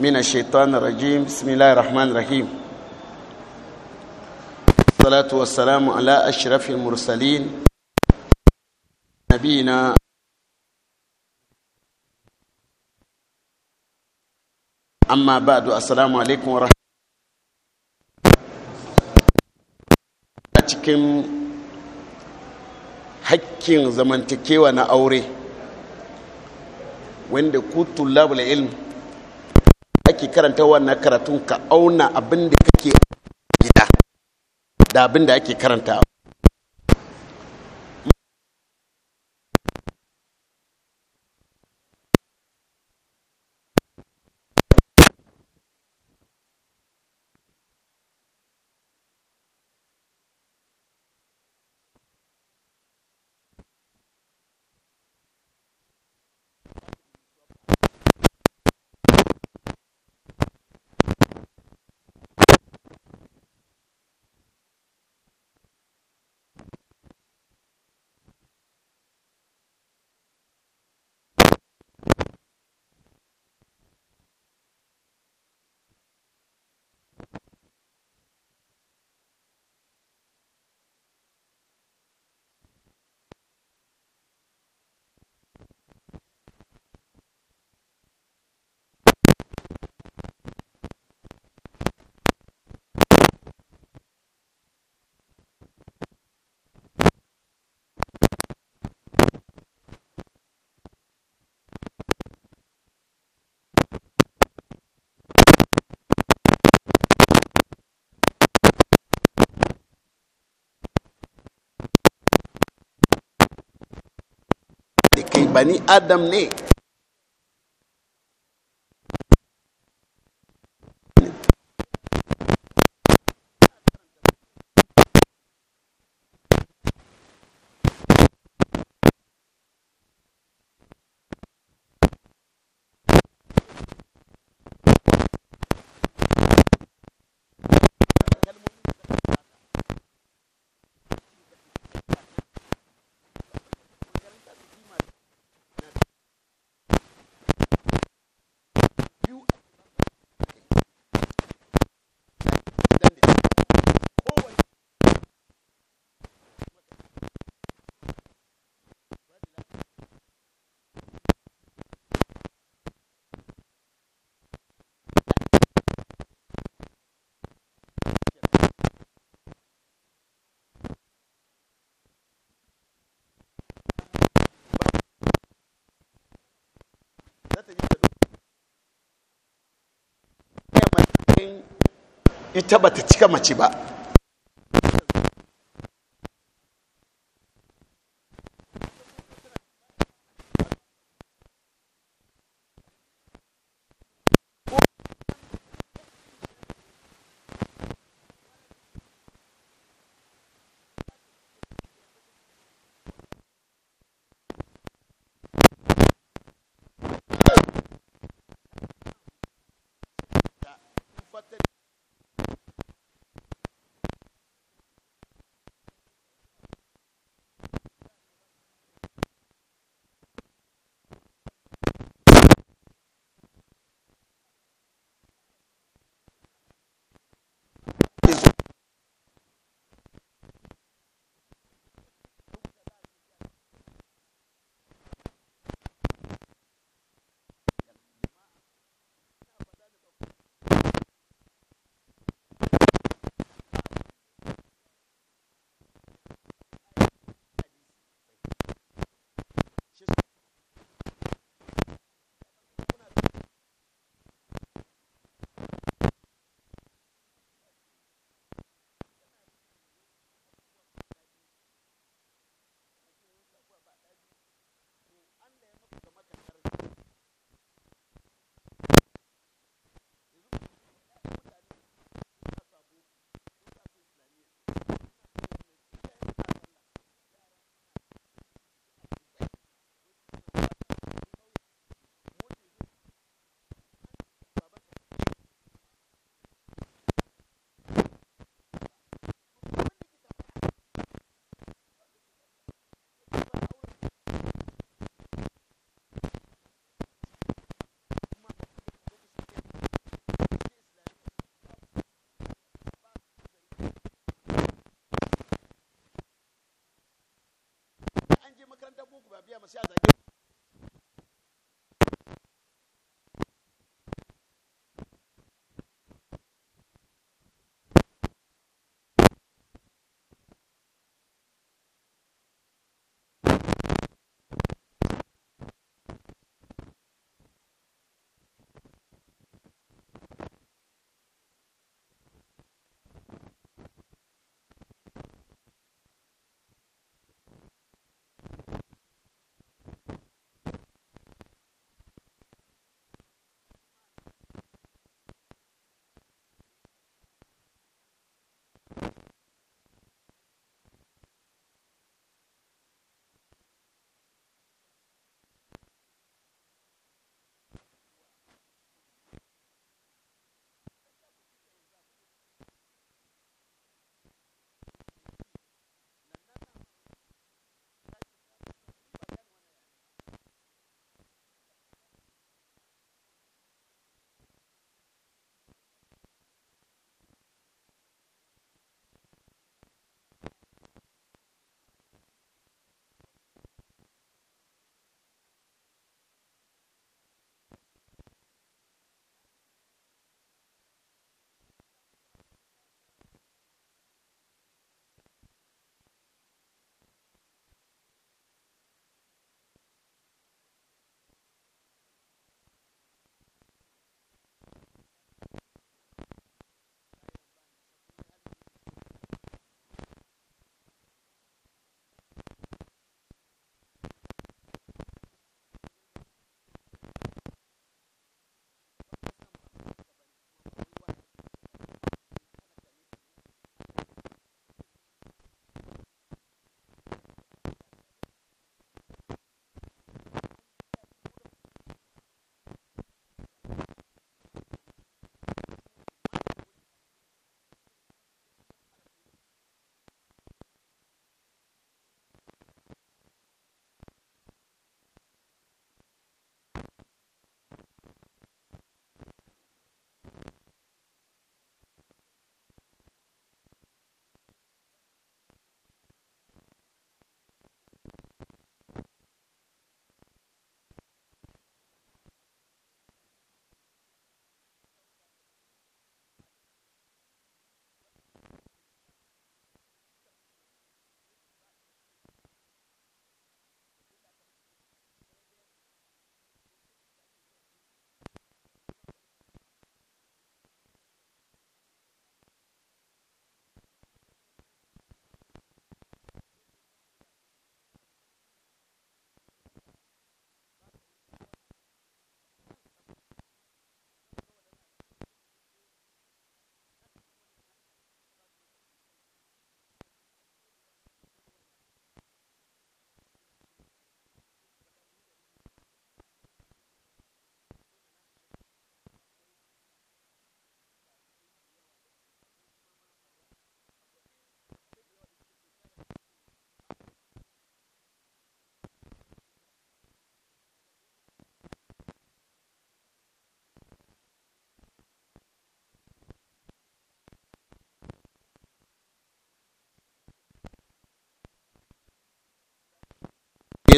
من الشيطان الرجيم بسم الله الرحمن الرحيم الصلاة والسلام على أشرف المرسلين نبينا أما بعد السلام عليكم ورحمة cikin hakkin zamantakewa na aure wanda ku الله ilm kake karanta wannan karatun ka auna abin da kake gida da abin da ake karanta बनी आदम ने ita ba ta cika mace ba Mungu baba, masiaza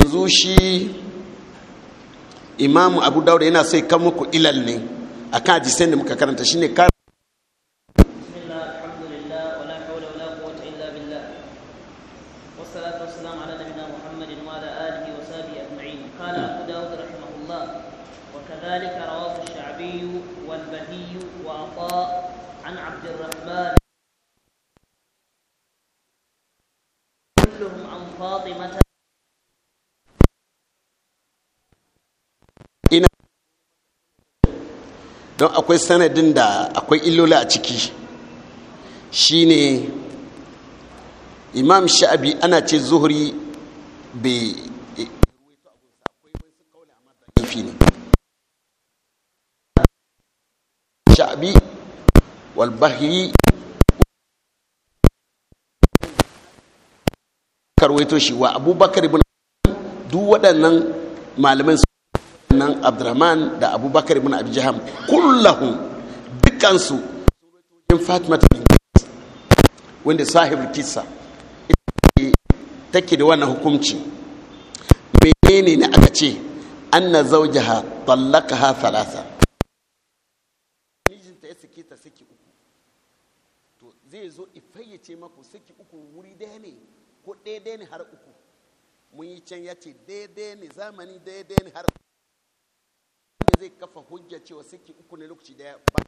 yanzu shi imamu abu dauda yana sai kan muku ilal ne a kan hadisan da muka karanta shine akwai sanadin da akwai illoli a ciki shine imam sha'abi ana ce zuhuri bai sha'abi walbahiri karwaito shi wa abubakar ibn duk waɗannan malaman nan abdurrahman da abubakar ibn abijaham kullahu kullahum dukansu in fatima ta wanda sahibul kisa take da wannan hukunci menene ne aka ce anna zawjaha tallaqaha thalatha mijinta ya sake ta saki uku to zai zo ifayyace maku saki uku wuri daya ne ko ɗaya ne har uku mun yi can ya ce daidai ne zamani daidai ne har uku zai kafa hujja cewa saki uku ne lokaci daya ba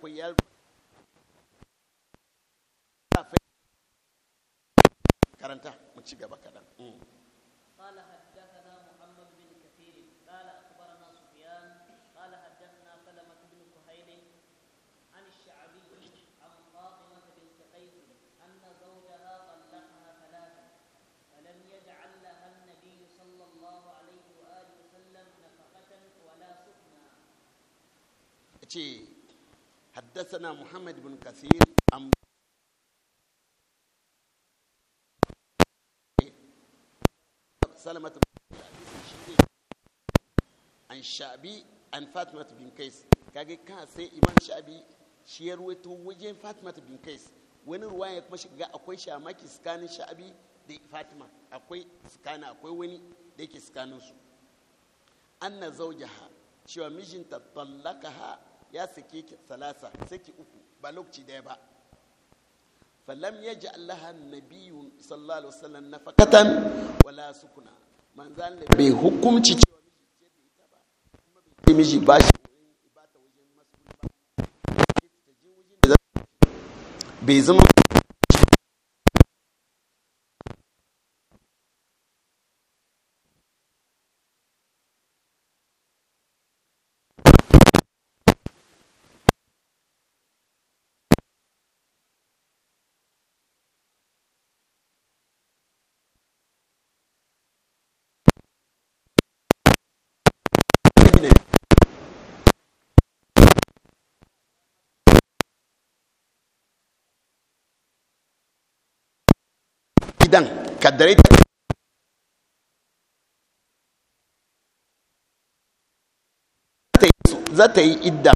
apoyar karanta mu ci gaba kaɗan قال حدثنا محمد بن كثير قال اخبرنا سفيان قال حدثنا سلمة بن كهيل عن الشعبي عن فاطمة بنت قيس أن زوجها طلقها ثلاثا فلم يجعل لها النبي صلى الله عليه وآله وسلم نفقة ولا سكنا. حدثنا محمد بن كثير عن سلمة عن شعبي عن فاطمة بن كيس كاجي كان سي إمام شعبي shi ya ruwaito wajen fatima bin kais wani ruwa ya kuma shiga akwai shamaki tsakanin sha'abi da fatima akwai tsakanin akwai wani da yake tsakanin su anna zawjaha cewa mijinta tallakaha ya sake ki salasa saki uku ba lokaci daya ba falam ya ji allaha nabiyu sallallahu alaihi wasallam na fakatan wala sukuna manzan da bai hukumci cewa miji ba shi bai zama gidan kaddare ta za ta yi idda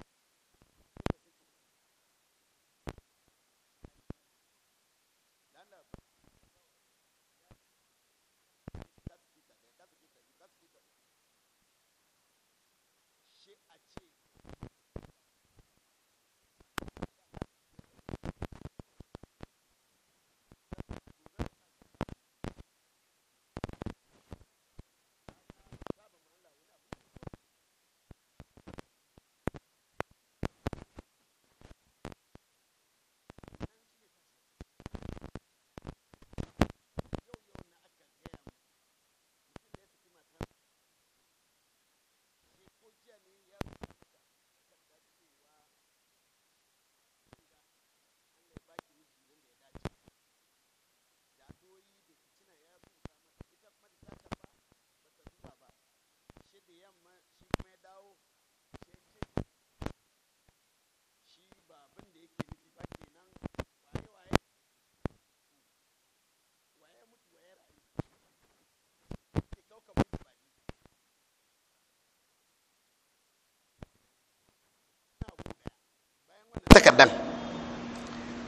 takardan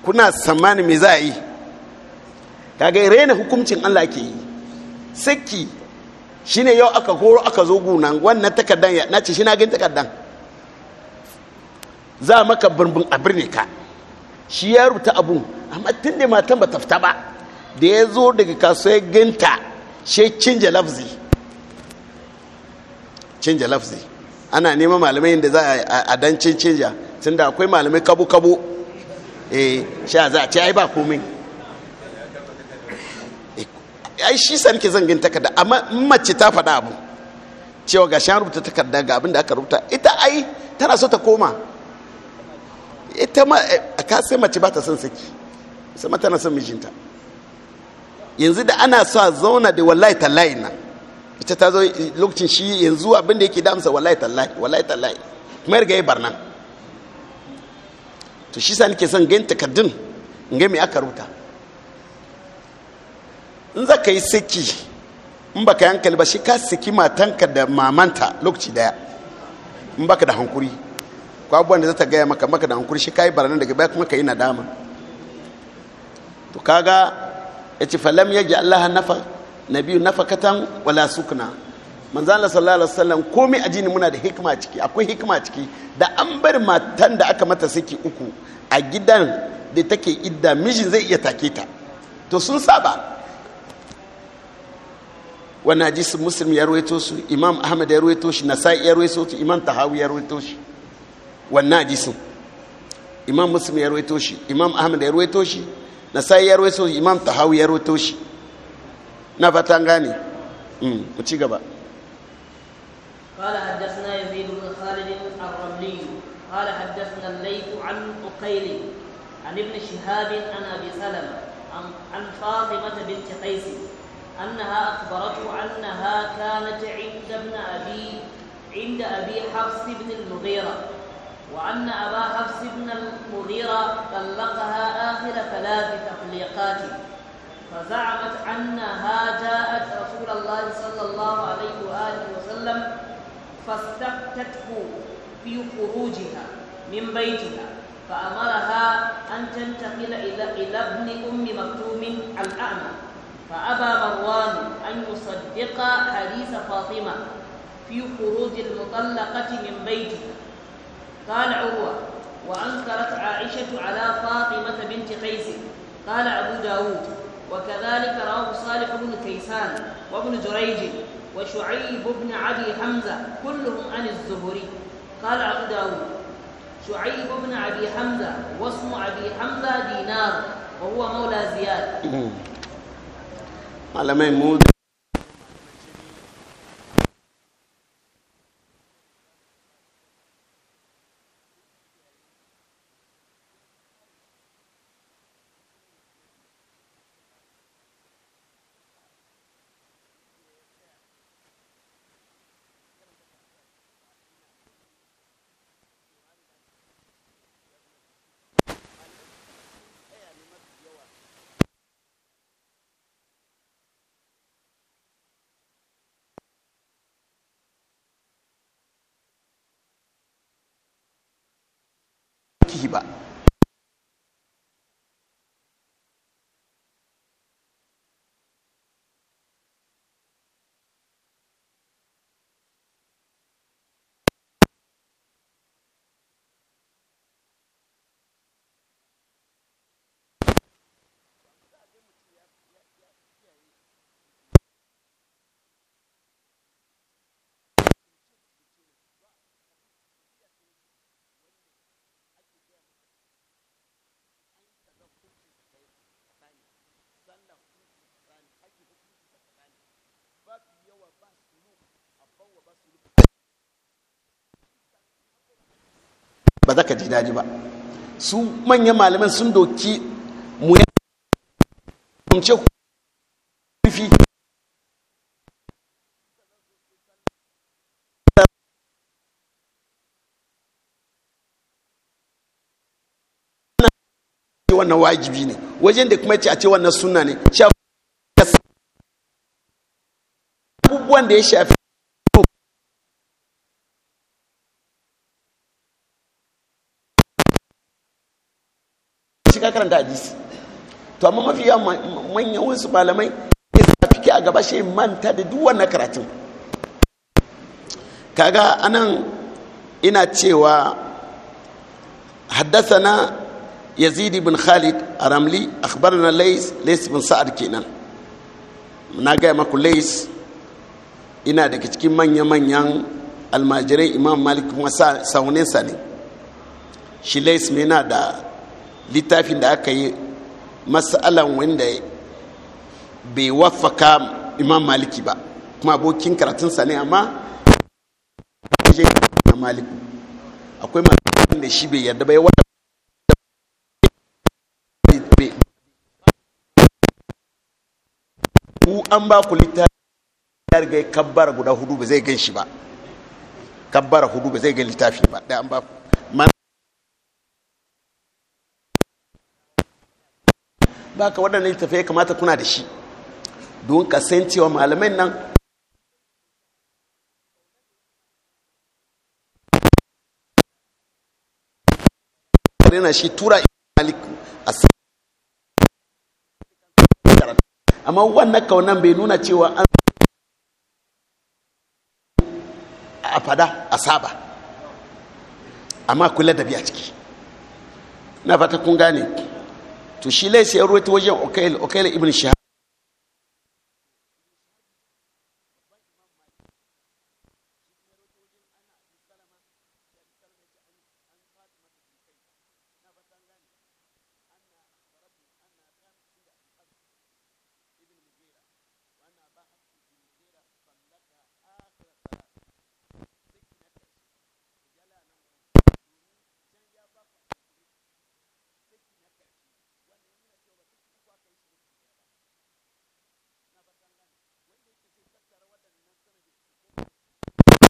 kuna tsammani me za a yi kaga rena hukuncin Allah ke yi saki shine yau aka horo aka zo gunan wannan takardan ya nace shi na gin takardan za maka burbun a birne ka shi ya rubuta abun amma tun da matan ba tafta ba da ya zo daga kasuwa ginta shi canja lafzi canja lafzi ana neman malamai da za a dan canja tun da akwai malamai kabo-kabo eh sha za a ce ai ba komai eh, ai shi sa ke zangin takarda amma mace ta faɗa abu cewa ga shan rubuta takarda ga abin da aka rubuta ita ai tana so ta koma ita ma eh, a kasai mace ba ta son saki sama tana son mijinta yanzu da ana sa zauna da wallahi tallahi na ita ta zo eh, lokacin shi yanzu abin da yake damsa wallahi tallahi wallahi tallahi kuma ya riga ya barnan to shi sa nake son gani takardun in ga me aka rubuta in za ka yi saki in baka yi ba shi ka saki matanka da mamanta lokaci daya in baka da hankuri ko abubuwan da za ta gaya maka maka da hankuri shi ka yi baranin daga baya kuma ka yi nadama to kaga ya ci falam ya allaha allah nafa na biyu katan wala sukna manzo Allah sallallahu alaihi wasallam komai ajini muna da hikima ciki akwai hikima ciki da an bar matan da aka mata saki uku a gidan da take idda mijin zai iya take ta to sun saba wannan hadisin muslim ya ruwaito su imam ahmad ya ruwaito shi nasa'i ya ruwaito su imam tahawi ya ruwaito shi wannan hadisin imam muslim ya ruwaito shi imam ahmad ya ruwaito shi nasa'i ya ruwaito shi imam tahawi ya ruwaito shi na fatan gane mm, mu ci gaba قال حدثنا يزيد بن خالد الرملي قال حدثنا الليث عن أقيل عن ابن شهاب عن أبي سلمة عن فاطمة بنت قيس أنها أخبرته أنها كانت عند ابن أبي عند أبي حفص بن المغيرة وأن أبا حفص بن المغيرة طلقها آخر ثلاث تطليقات فزعمت أنها جاءت رسول الله صلى الله عليه وآله وسلم فاستفتته في خروجها من بيتها فأمرها أن تنتقل إلى ابن أم مكتوم الأعمى فأبى مروان أن يصدق حديث فاطمة في خروج المطلقة من بيتها قال عروة وأنكرت عائشة على فاطمة بنت قيس قال أبو داود وكذلك رواه صالح بن كيسان وابن جريج وشعيب بن عبي حمزة كلهم عن الزهري قال أبو داود شعيب بن عبي حمزة واسم عبي حمزة دينار وهو مولى زياد على ما 栖息吧。ba za ka ji daji ba su manyan malaman sun doki mu ya kumce kufi wannan wajibi ne wajen da kuma ce a ce wannan suna ne shafi abubuwan da ya shafi karanta hadisi to amma mafi manyan wasu malamai ya sa fiki a gaba shi manta da duk wannan karatun kaga anan ina cewa haddasa حدثنا يزيد بن خالد أرملي أخبرنا ليس ليس بن سعد na gaya maku ليس ina daga cikin manya-manyan almajirai imam malik kuma sauninsa ne shi lais mai na da littafin da aka yi matsalan wanda bai wafaka imam maliki ba kuma abokin karatunsa ne amma je na maliki akwai matsalan da shi bai yarda bai wata ku an ba ku littafi ya riga kabbara guda hudu ba zai gan shi ba kabbara hudu ba zai gan littafi ba da an ba ku ba ka waɗannan littafai kamata kuna da shi don ka san cewa malamai nan rena shi tura maliku a amma wannan kaunan bai nuna cewa an a fada a saba amma kula da biya ciki na fata kun gane ki to shi lai sai ruwa ta wajen okail okail ibn shihab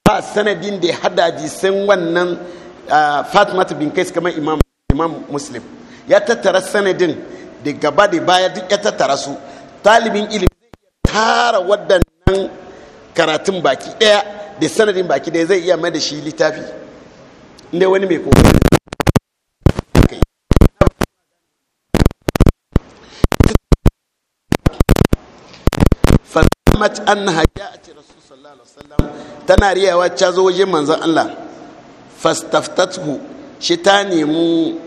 ba sanadin da ya hada jisan wannan ta bin kai kamar imam imam muslim ya tattara sanadin da gaba da baya duk ya tattara su talibin ilimi tara waɗannan karatun baki ɗaya da sanadin baki ɗaya zai iya mai da shi littafi inda wani mai kokari رسول tana riyawa ta zo wajen manzan Allah fastaftathu shi ta nemi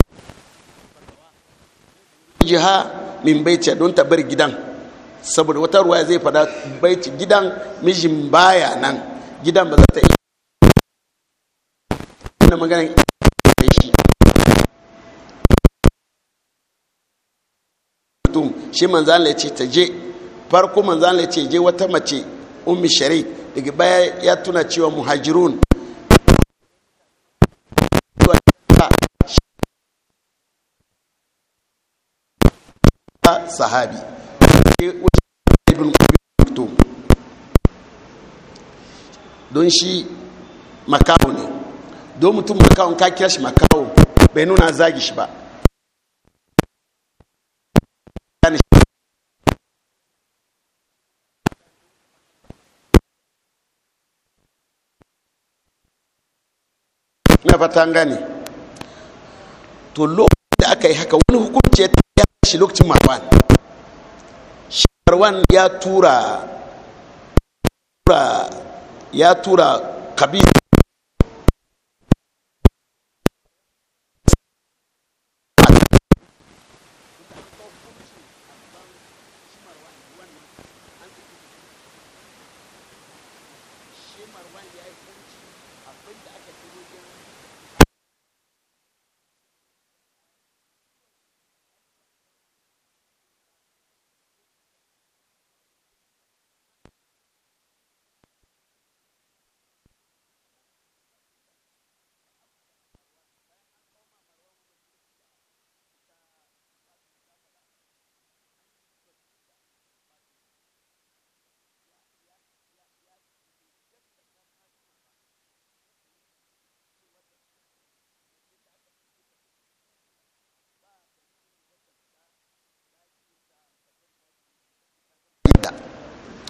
jiha min baiti don ta bar gidan saboda wata ruwa zai fada baiti gidan mijin baya nan gidan ba za ta yi wannan maganin shi shi manzan ya ce ta je farko manzan ya ce je wata mace ummi sharik daga baya ya tuna cewa muhajirun sahabi don shi makawo ne don mutum makawon kakiyar shi makawo bai nuna zagi shi ba na fata gane to lokacin da aka yi haka wani hukunci ya shi lokacin marwan shi marwan ya tura ya tura kabila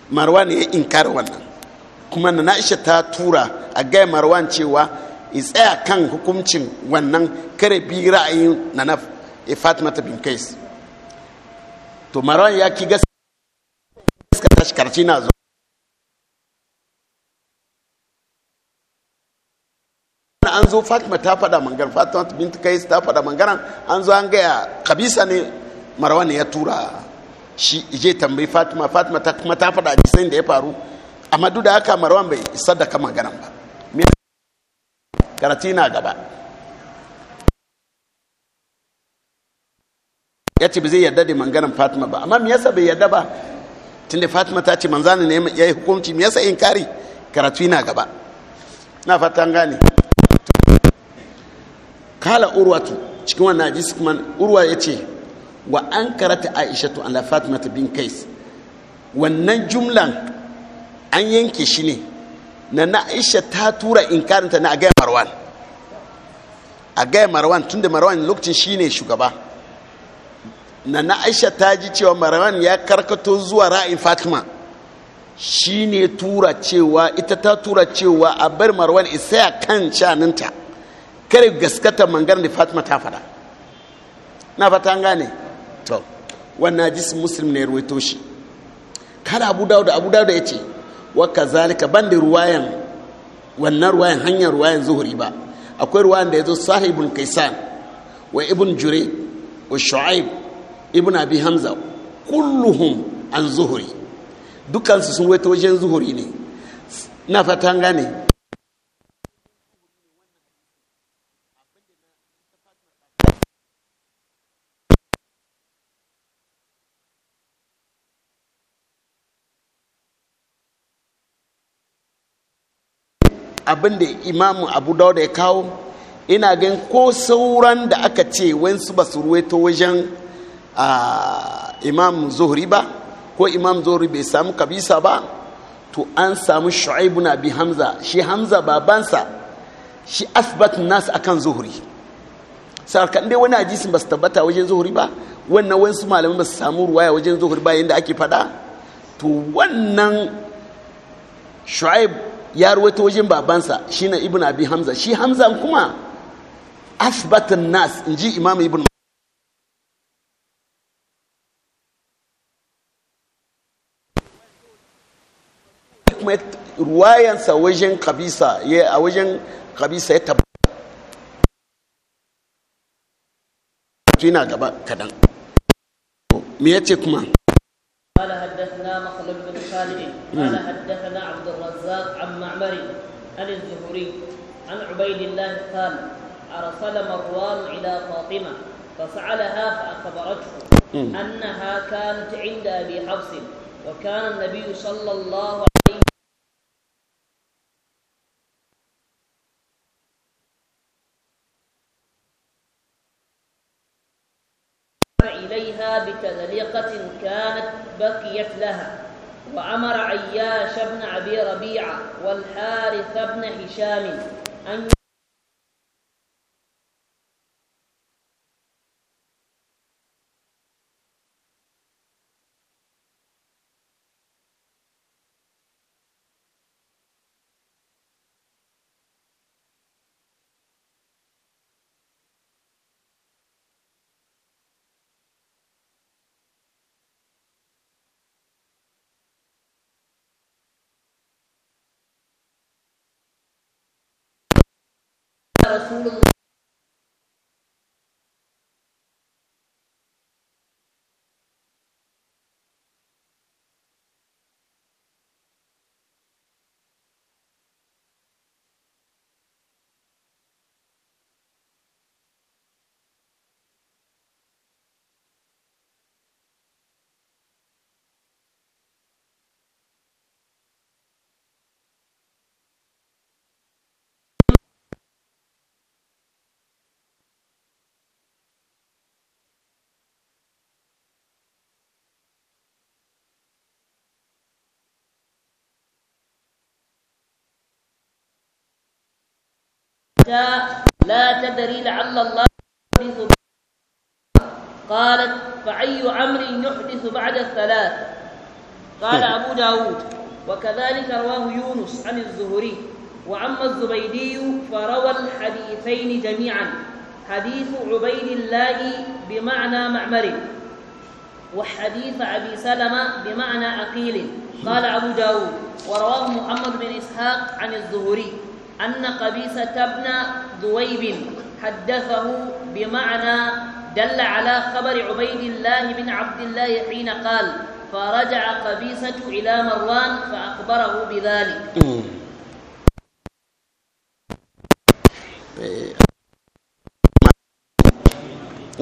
marwan ya inkara wannan kuma na na'isha ta tura a gaya marwan cewa in tsaya kan hukuncin wannan kare bi ra'ayin na na fatima ta bin kais to marwan ya ki gaskata shi karci na zo an zo fatima ta faɗa mangar fatima bin kais ta faɗa mangaran an zo an gaya kabisa ne marwan ya tura shi je tambayi fatima fatima ta kuma ta faɗa jisain da ya faru amma duk da haka marwan bai sadaka maganan ba me karati na gaba ya ce bai zai yarda da maganan fatima ba amma me yasa bai yarda ba tunda fatima ta ce manzana ne ya yi hukunci me yasa inkari karatu na gaba na fatan gane kala urwatu cikin wannan hadisi kuma urwa ya ce wa an karata aishatu ala ta bin kais wannan jumlan an yanke shi ne na na aisha ta tura inkarinta na agaya marwan agaya marwan tun da marwan lokacin shi ne shugaba na na aisha ta ji cewa marwan ya karkato zuwa ra'in fatima shi ne tura cewa ita ta tura cewa a bar marwan isa kan shaninta kare gaskata mangar da fatima ta fada na fata gane wannan hadisi muslim ne ruwaito shi kada abu dauda abu dauda ya ce wa kazalika ban da ruwayan wannan ruwayan hanyar ruwayan zuhuri ba akwai ruwayan da ya zo sahibul kaisan wa ibn jure wa shu'aib ibn abi hamza kulluhum an zuhuri dukansu sun waito wajen zuhuri ne na fatan gane abin da imamu abu dauda ya kawo ina gan ko sauran da aka ce wansu ba su ruwaito wajen imam zuhri ba ko imam zuhri bai samu kabisa ba to an samu shu'aibu na bi hamza shi hamza babansa shi asbat nasu akan zuhri sarkan dai wani hadisin ba su tabbata wajen zuhri ba wannan wasu malamin ba su samu ruwaya wajen zuhri ba yadda ake faɗa to wannan shu'aib ya ruwaito wajen babansa shine ibn abi hamza shi hamza kuma asbatan nas inji imam ibn kuma ruwayansa wajen kabisa ya a wajen kabisa ya tabbata yana gaba kadan me yace kuma قال حدثنا مخلد بن خالد قال حدثنا الرزاق عن معمر عن الزهري عن عبيد الله قال أرسل مروان إلى فاطمة فسألها فأخبرته أنها كانت عند أبي حفص وكان النبي صلى الله عليه إليها بتذليقة كانت بقيت لها وأمر عياش بن أبي ربيعة والحارث بن هشام أن Rasulullah لا تدري لعل الله يحدث قالت فأي أمر يحدث بعد الثلاث قال أبو داود وكذلك رواه يونس عن الزهري وأما الزبيدي فروى الحديثين جميعا حديث عبيد الله بمعنى معمر وحديث أبي سلمة بمعنى عقيل قال أبو داود ورواه محمد بن إسحاق عن الزهري أن قبيسة ابن ذويب حدثه بمعنى دل على خبر عبيد الله بن عبد الله حين قال فرجع قبيسة إلى مروان فأخبره بذلك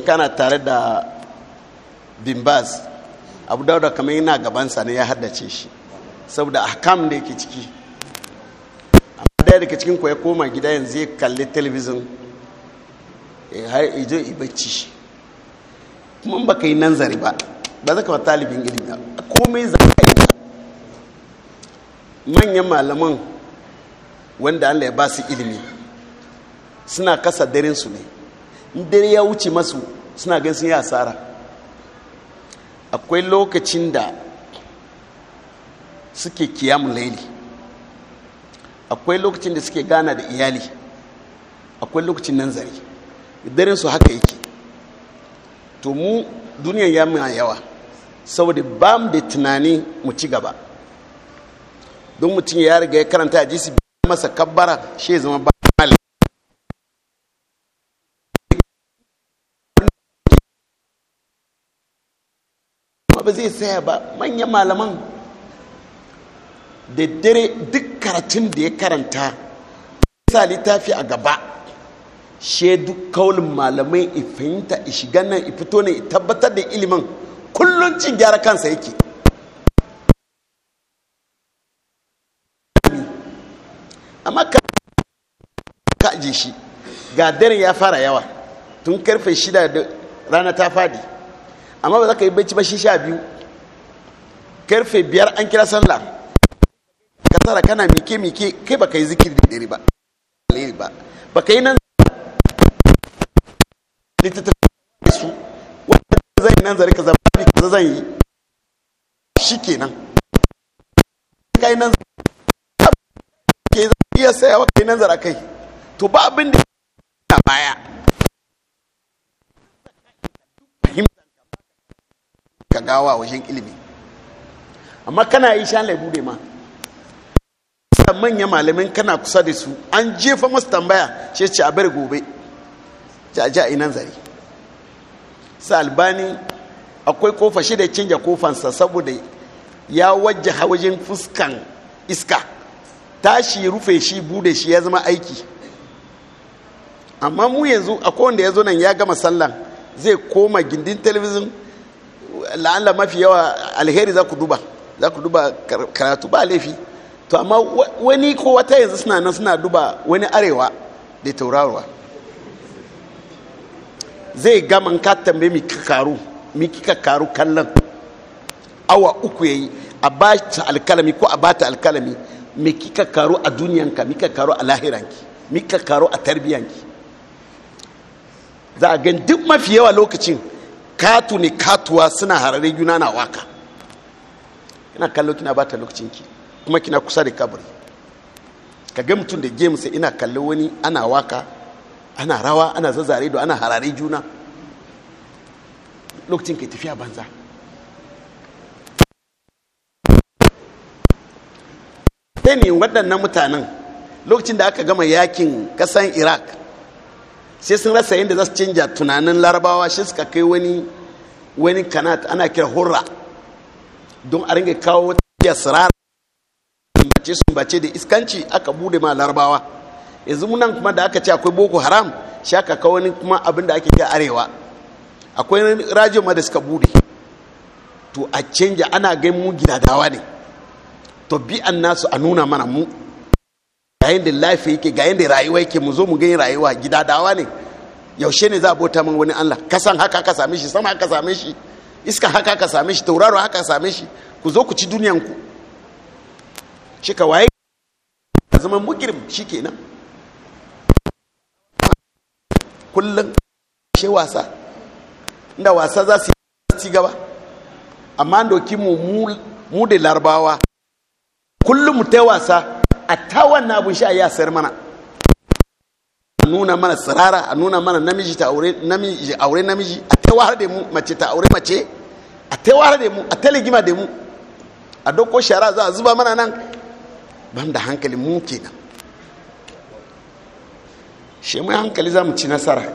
kana tare da bimbaz abu dauda kamar yana gabansa ne ya haddace shi saboda ahkam da yake ciki daya daga cikin ku ya koma gida yanzu ya kalli telebizin har ijo ibacci kuma ba ka yi nan zari ba ba za ka ba talibin ilimi komai za ka yi manyan malaman wanda allah ya ba su ilimi suna kasa su ne in dare ya wuce masu suna gan sun yi asara akwai lokacin da suke kiyamun laili akwai lokacin da suke gana da iyali akwai lokacin nan zare daren su haka yake to mu duniyan ya muna yawa saboda ba mu da tunani mu ci gaba don mutum ya riga ya karanta su ba masa kabbara shi ya zama ba ba zai saya ba manyan malaman da dare duk karatun da ya karanta sa littafi a gaba she duk kaulin malamai ifinta ishigan nan ifito ne tabbatar da ilimin kullum cin gyara kansa yake amma ka aje shi ga daren ya fara yawa tun karfe shida da rana ta fadi amma ba za ka yi bacci ba shi sha biyu karfe biyar an kira sallah ka tsara kana mike mike kai baka yi zikiri da dare ba alheri ba baka yi nan littattafai su wanda zai nan zari ka zaba babi ka zan yi shikenan kai nan ke iya sayawa yi nan zara kai to ba abin da ya baya ka gawa wajen ilimi amma kana yi shan laibu ne ma da manya malamin kana kusa da su an jefa masu tambaya shi ce a bari gobe jaja ina zari sa albani akwai kofa shi da canja kofansa saboda ya wajja wajen fuskan iska tashi rufe shi bude shi ya zama aiki amma mu yanzu akwai wanda ya zo nan ya gama sallan zai koma gindin telebijin la'alla mafi yawa alheri za ku duba karatu ba laifi to amma wani ko wata yanzu suna nan suna duba wani arewa da taurarwa zai gama ka tambaye mi kakaru mi kika karu kallon awa uku yayi a ba ta alkalami ko a ba ta alkalami mi kika karu a duniyanka mi kika karu a lahiranki mi kika karu a tarbiyanki za a gan duk mafi yawa lokacin katu ne katuwa suna hararin juna na waka ina kallo kina ba ta lokacin ki. kuma kina kusa da kabari ka ga mutum da james sai ina kalli wani ana waka ana rawa ana zazzare da ana harare juna lokacin ka tafiya banza ne waɗannan mutanen lokacin da aka gama yakin kasan iraq sai sun rasa yadda za su canja tunanin larabawa shi suka kai wani wani kanat ana kira hurra don a ringa kawo wata sirara sumbace sumbace da iskanci aka bude ma larabawa yanzu munan kuma da aka ce akwai boko haram shaka ka wani kuma abin da ake kira arewa akwai rajin ma da suka bude to a canja ana gai mu gidadawa ne to bi an nasu a nuna mana mu ga yadda lafiya yake ga yadda rayuwa yake mu zo mu gani rayuwa gidadawa ne yaushe ne za a bauta min wani allah kasan haka ka same shi sama haka same shi iska haka ka same shi tauraro haka same shi ku zo ku ci duniyanku shi ka waye ka zama mugirim shi kenan kullum shi wasa inda wasa za su yi ci gaba amma doki mu mu da larbawa kullum mu ta wasa a ta wannan abin sha ya sayar mana a nuna mana sirara a nuna mana namiji ta aure namiji a ta wahar da mu mace ta aure mace a ta wahar da mu a ta ligima da mu a dokko shara za a zuba mana nan ban da hankali mu kenan shi mai hankali za mu ci nasara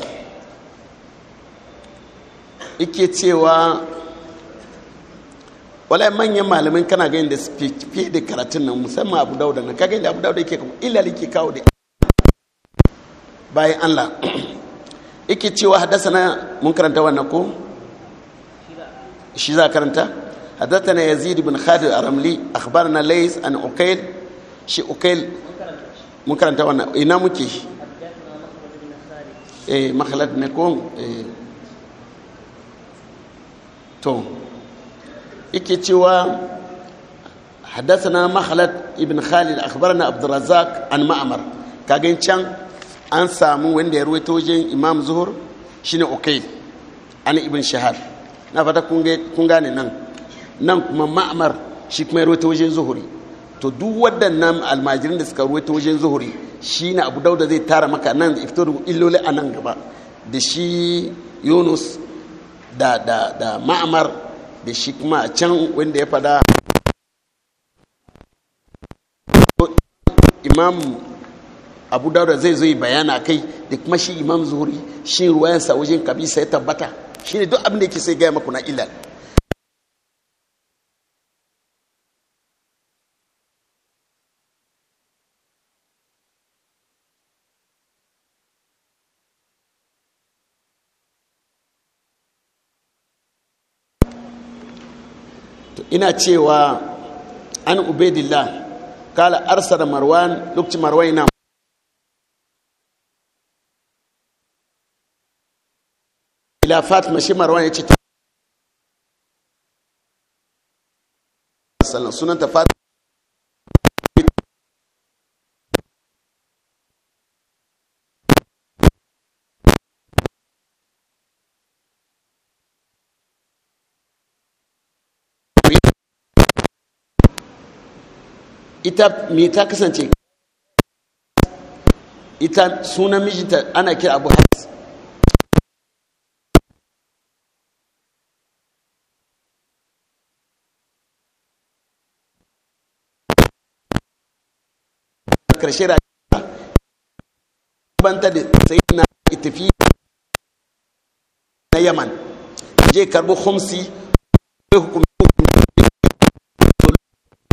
ike cewa wala manyan malamin kana ganin da fiye da karatun nan musamman abu dauda na kaga da abu dauda yake kuma ilali ke kawo da bayan allah ike cewa haddasa na mun karanta wannan ko shi za karanta haddasa na yazid bin khadir aramli akhbarna lais an ukail shi ukail mun karanta wannan ina muke eh makhlad ne ko eh to yake cewa حدثنا مخلد ابن خالد اخبرنا عبد الرزاق an معمر Kage can an samu wanda ya ruwaito wajen imam zuhur shine ukail an ibn shahar na fata kun gane nan nan kuma ma'amar shi kuma ya ruwaito wajen zuhuri to duk waɗannan almajirin da suka ruwaito wajen zuhuri shi na abu dauda zai tara maka nan da iftar illoli a nan gaba da shi yunus da da da ma'amar da shi kuma a can wanda ya fada imam abu dauda zai zo bayana kai da kuma shi imam zuhuri shi ruwayansa wajen kabisa ya tabbata shi ne duk abin da yake sai gaya maku na ilal to ina cewa an ubaidillah kala arsa da marwan lokacin marwan yana ila fatima shi marwan ya ce sunanta fatima ita me ta kasance ita sunan mijinta ana kira abu has karshe rayuwa banta da sai na itafi na yaman je karbi khumsi hukumi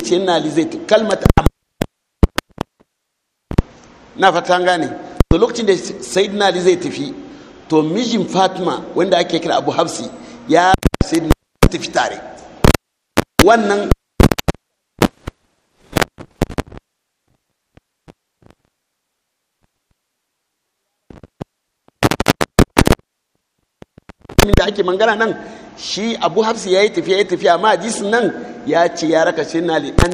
ce na li zai kalmata na fata gane to lokacin da sayyidina ali zai tafi to mijin fatima wanda ake kira abu hafsi ya sayyidina tafi tare wannan abin da ake mangana nan shi abu hafsi ya yi tafiya ya tafiya amma hadisin nan ya ce ya raka shi na liɗan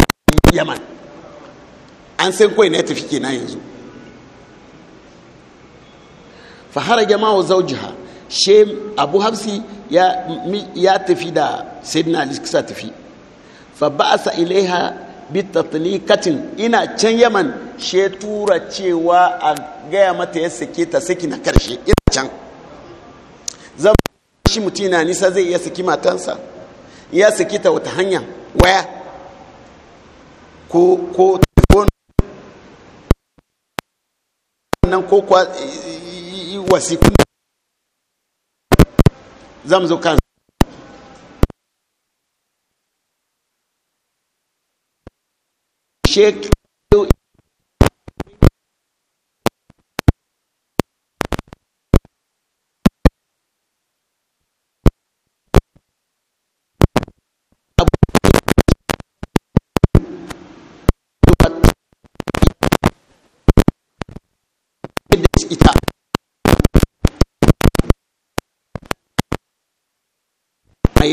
yaman an san kawai na ya tafi kenan yanzu fahara gama jama'a zaujiha shi abu hafsi ya, ya tafi da sayyidina ali kisa tafi fa ba a ba'asa ilaiha bi tatlikatin ina can yaman shi tura cewa a gaya mata ya sake ta saki na karshe ina can shi mutum na nisa zai iya saki matansa ya saki ta wata hanya waya ko ko nan ko kwa wasiku zam zo kan shek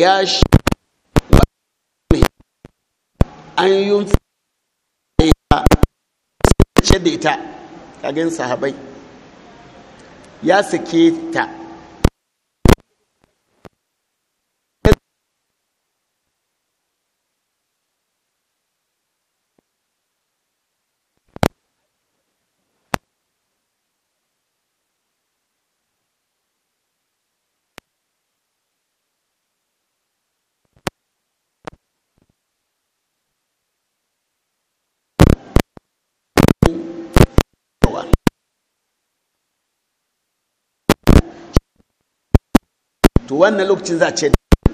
ya shi an yi ce da ita kagin sahabai ya sake ta to wannan lokacin za a ce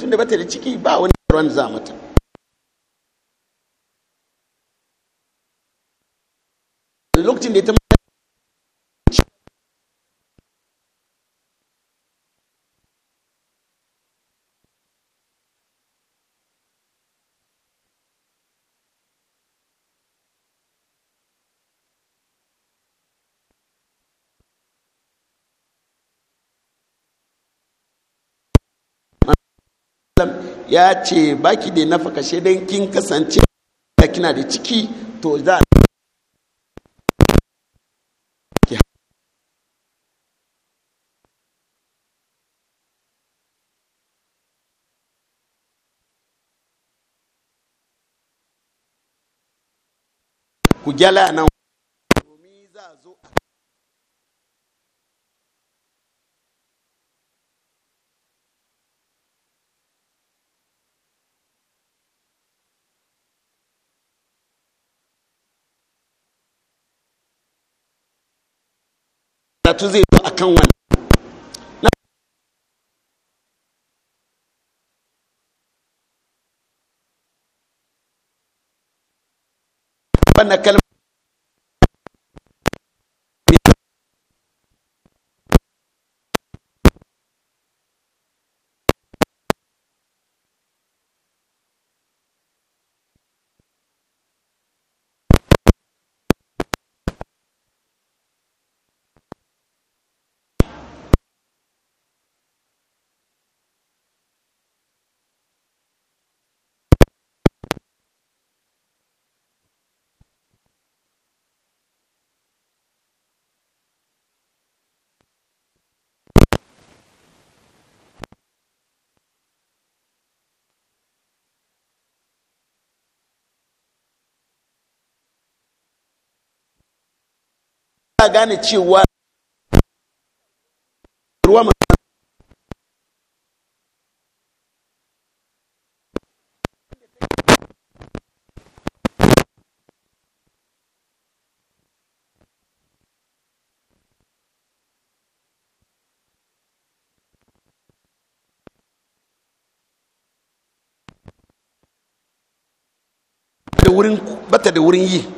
da bata da ciki ba wani ruwan za ya ce baki da nafaka shi don kin kasance da kina da ciki to za ku gyala nan karatu zai zo akan wani wannan kalmar ta gane cewa ruwa mai bata da wurin yi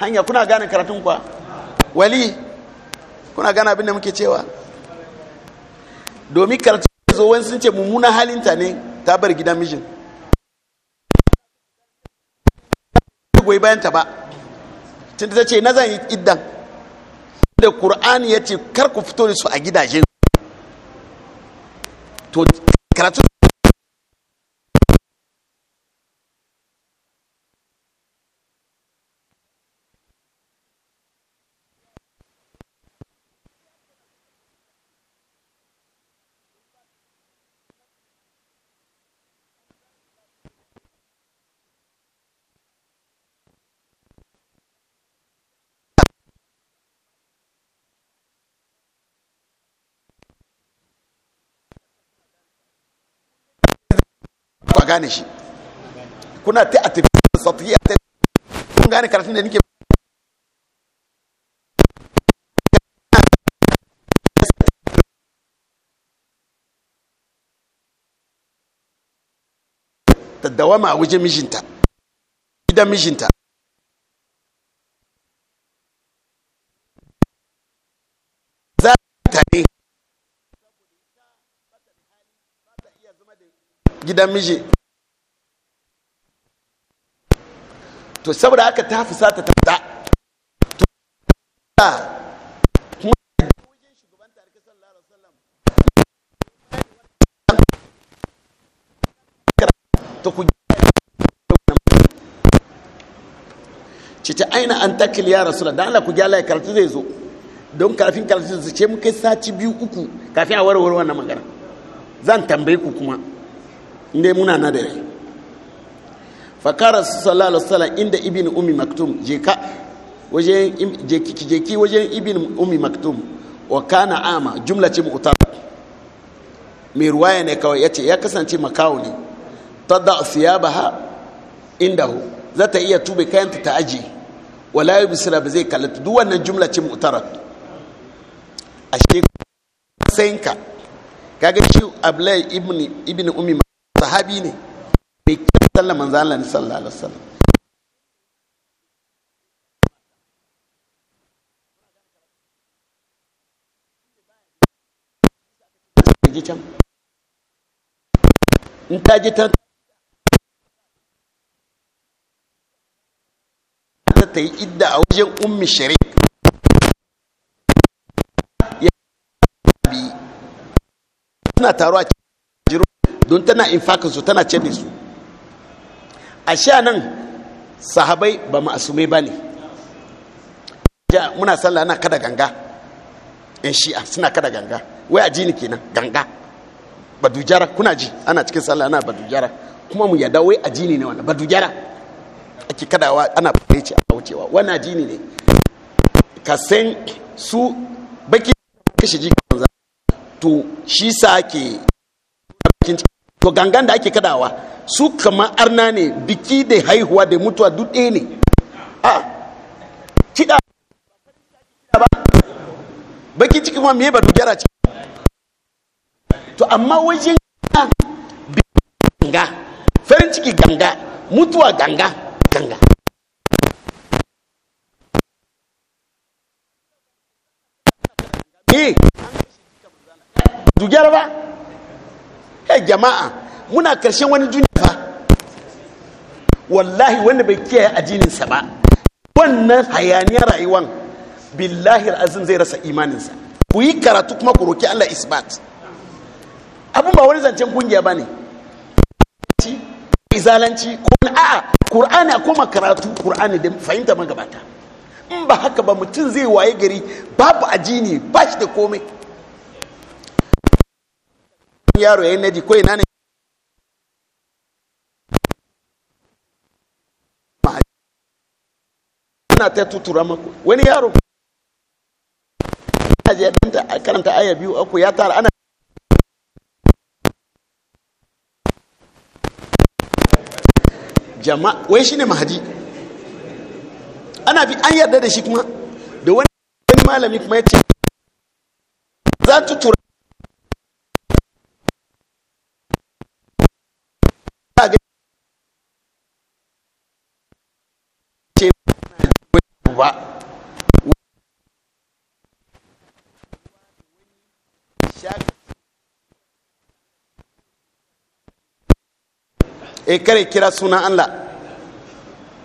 hanya kuna gane karatun kwa wali kuna gane abinda muke cewa domin karatun zo wani sun ce mummuna halinta ne ta bar gidan mijin goyi bayan ta ba tun ta ce na zan yi iddan da qur'ani ya ce kar ku fito da su a gidajen to karatun gane shi kuna ta a tafi satiyya ta kun gane karfin da nike ta dawama a wajen mijinta gidan mijinta za ta ne gidan miji to saboda haka ta sata ta fita to kuma da wajen shugaban tarihi sallallahu alaihi wasallam to ku ce aina an takil ya rasu da Allah ku gyala ya karatu zai zo don kafin karatu zai ce mu kai sati biyu uku kafin a warware wannan magana zan tambaye ku kuma inda muna na da rai fakara sallallahu alaihi wasallam inda ibn ummi maktum je ka wajen jeki wajen ibn ummi maktum wa kana ama jumla ce mu'tar mai ruwaya ne kawai yace ya kasance makawo ne tadda siyabaha indahu za ta iya tube kayanta ta aji wala yubsira ba zai kallata duk wannan jumla ce mu'tarat sayin ka kaga shi ablai ibn ibn ummi sahabi ne mai sallar manzo Allah ne sallallahu alaihi wasallam in ta ji ta ta ta yi idda a wajen ummi sharik tana taruwa a cikin don tana infakinsu tana cebe su a sha nan sahabai ba ma'asume ba ne muna sallah na kada ganga in shi'a suna kada ganga wai a ji ni kenan ganga badujara kuna ji ana cikin sallah ba badujara kuma mu yada wai a ji ne wannan badujara ake kadawa ana fahimci a wucewa wannan ji ne ka san su baki kashe ji to shi sa ke cikin to gangan da ake kadawa su kama arna ne biki da haihuwa da mutuwa duk ɗaya ne a kiɗa ba baki cikin wa me ba dogara ci to amma wajen ganga farin ciki ganga mutuwa ganga ganga eh dogara ba ya eh, jama'a muna karshen wani duniya ba wallahi wanda bai kiyaye addininsa ba wannan hayaniyar rayuwan billahi azim zai rasa imaninsa ku yi karatu kuma ku roki Allah isbat abun ba wani zancen kungiya bane izalanci ko a'a qur'ani koma karatu qur'ani da fahimta magabata in ba haka ba mutum zai waye gari babu ajini ba shi da komai yaro ya yi naji ko ina ne ana ta tutura maku wani yaro ana je dan karanta aya biyu aku ya tara ana jama'a wai shine mahadi ana bi an yarda da shi kuma da wani malami kuma ya ce za tutura e kare kira suna Allah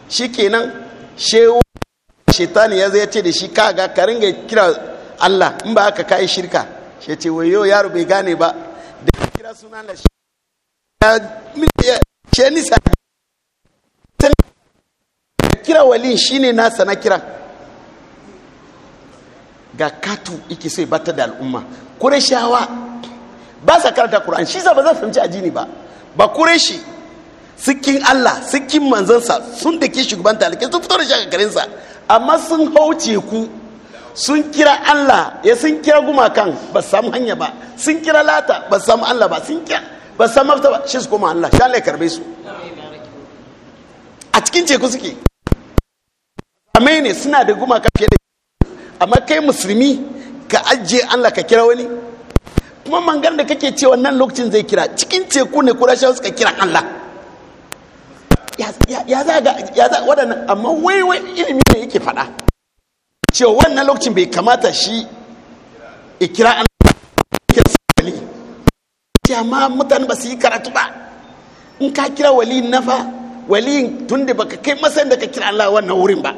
shikenan shewo shaitani ya zai ce da shi kaga ka ringa kira Allah in ba aka kai shirka shi ce yau yaro bai gane ba da kira suna Allah shi ya she nisa kira walin shine nasa na kira ga katu ike sai bata da al'umma shawa ba sa karanta Qur'an shi za ba za fahimci ajini ba ba shi sikin Allah sikin manzansa sun da ke shugaban talikai sun fito da shakakarinsa amma sun hauce ku sun kira Allah ya sun kira gumakan ba samu hanya ba sun kira lata ba samu Allah ba sun kira ba samu mafita ba shi su koma Allah sha Allah ya karbe su a cikin ceku suke amai ne suna da gumakan fiye da amma kai musulmi ka ajiye Allah ka kira wani kuma mangan da kake cewa nan lokacin zai kira cikin ceku ne kurashawa suka kira Allah ya za ga ya za waɗannan amma waiwai ilimi ne yake faɗa cewa wannan lokacin bai kamata shi ikira an wali ce amma mutane ba su yi karatu ba in ka kira wali nafa wali tun da baka kai masan da ka kira Allah wannan wurin ba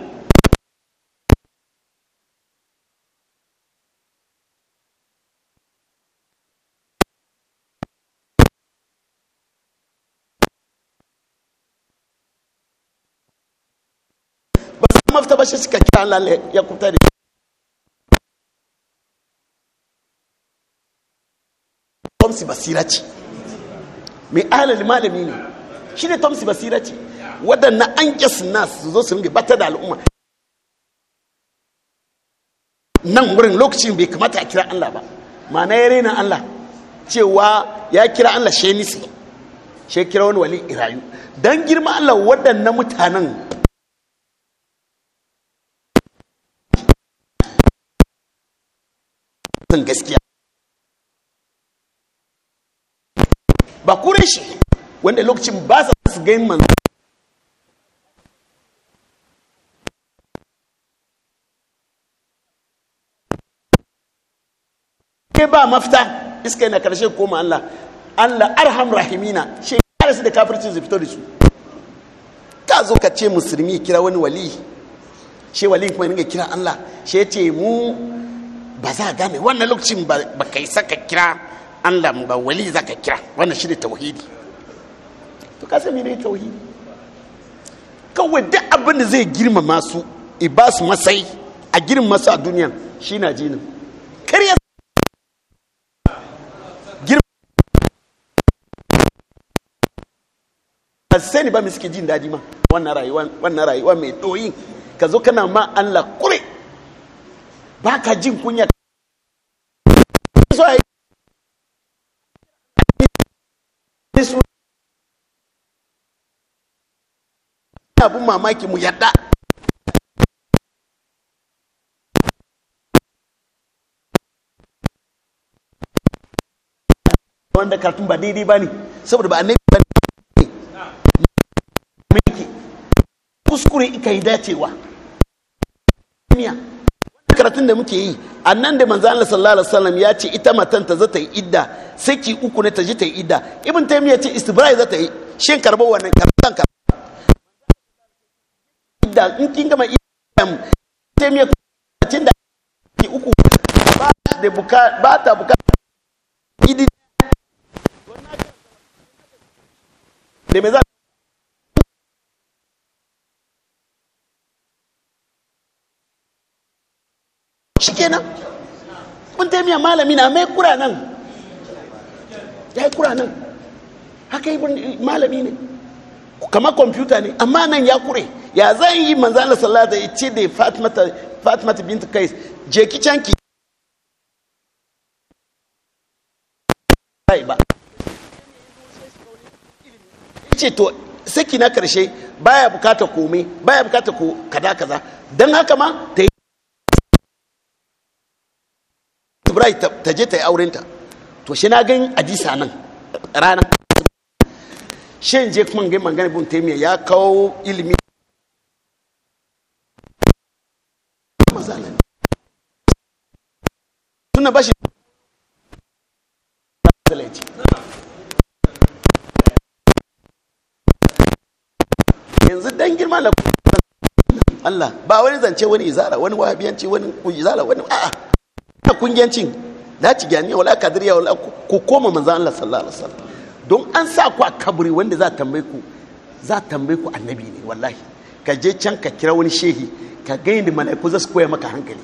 sai suka kira lalle ya kuta da Tomsi basira ce mai alal malami ne shi ne Tomsi basira ce waɗannan an kyas nas su zo su rungi bata da al'umma nan wurin lokacin bai kamata a kira Allah ba ma'ana ya rena Allah cewa ya kira Allah shenisi shekira wani wali irayu dan girma Allah waɗannan mutanen akan gaskiya ba kureshi wanda lokacin ba su gain manzo ke ba mafita iska yana karshe koma Allah Allah arham rahimina shi su da kafircin su fito da su ka zo ka ce musulmi kira wani wali shi wali kuma yana kira Allah shi ya ce mu ba za a game wannan lokacin ba kai saka kira Allah ba wali za ka kira wannan shi ne tauhidi to ka sami ne tauhidi kawai duk abin da zai girma masu ibas masai a girma masu a duniya shi na jinin karya ba sani ba mu suke jin daɗi ma wannan rayuwa mai doyi ka zo kana ma Allah kure ba ka jin kunya abin mamaki mu yadda wanda kartun ba daidai ba ne saboda ba annabi ba ne kuskure ika yi dacewa duniya karatun da muke yi annan da manzo Allah sallallahu alaihi wasallam ya ce ita matan ta zata yi idda saki uku ne ta ji ta yi idda ibn taymiya ce istibra'i zata yi shin karbo wannan karban ka idda in kin gama idda taymiya cin da ki uku ba da buka ba ta buka idda da me za kenan mun taimiya malami na mai kura nan ya yi kura nan haka yi malami ne kama kwamfuta ne amma nan ya kure ya zai yi manzana salata ya ce da fatimata binta kais je ki can ki ba ce to saki na karshe baya bukata komai baya bukata ko kada kaza don haka ma ta yi ibrahim ta je ta yi aurenta to shi na gan hadisa nan rana shin je kuma ga magana bin taimiyya ya kawo ilimi suna bashi yanzu dan girma na Allah ba wani zance wani izara wani wahabiyanci wani izara wani a'a kungiyancin la gani wala kadiriya wala ku koma manzo Allah sallallahu alaihi wasallam don an sa ku a kaburi wanda za tambaye ku za tambaye ku annabi ne wallahi ka je can ka kira wani shehi ka ga inda mala'iku za su koya maka hankali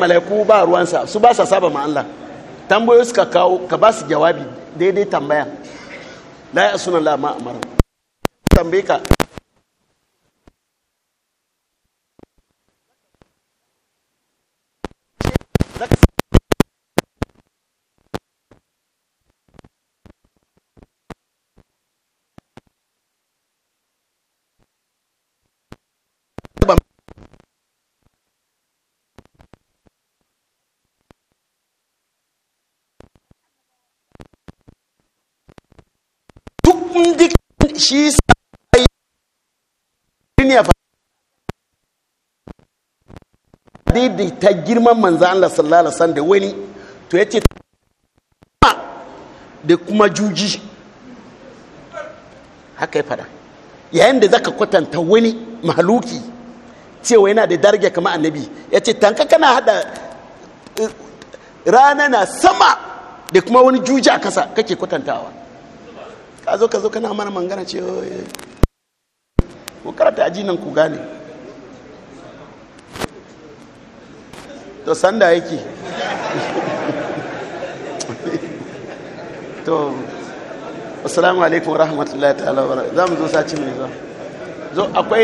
mala'iku ba ruwansa su ba sa saba ma Allah tambayo suka kawo ka ba su jawabi daidai tambaya la ya suna la ma amara tambaye ka shi sai ya da ta girman manzan Allah sallallahu alaihi wasallam da wani to yace da kuma juji haka ya fada yayin da zaka kwatanta wani mahaluki cewa yana da darge kama annabi ya ce tanka kana hada eh, rana na sama da kuma wani juji a kasa kake kwatantawa ka zo ka zo kana mana mangana ce ku karata aji nan ku gane to sanda yake to assalamu alaikum rahmatullahi ta'ala za mu zo ci mai zo akwai